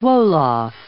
Wolof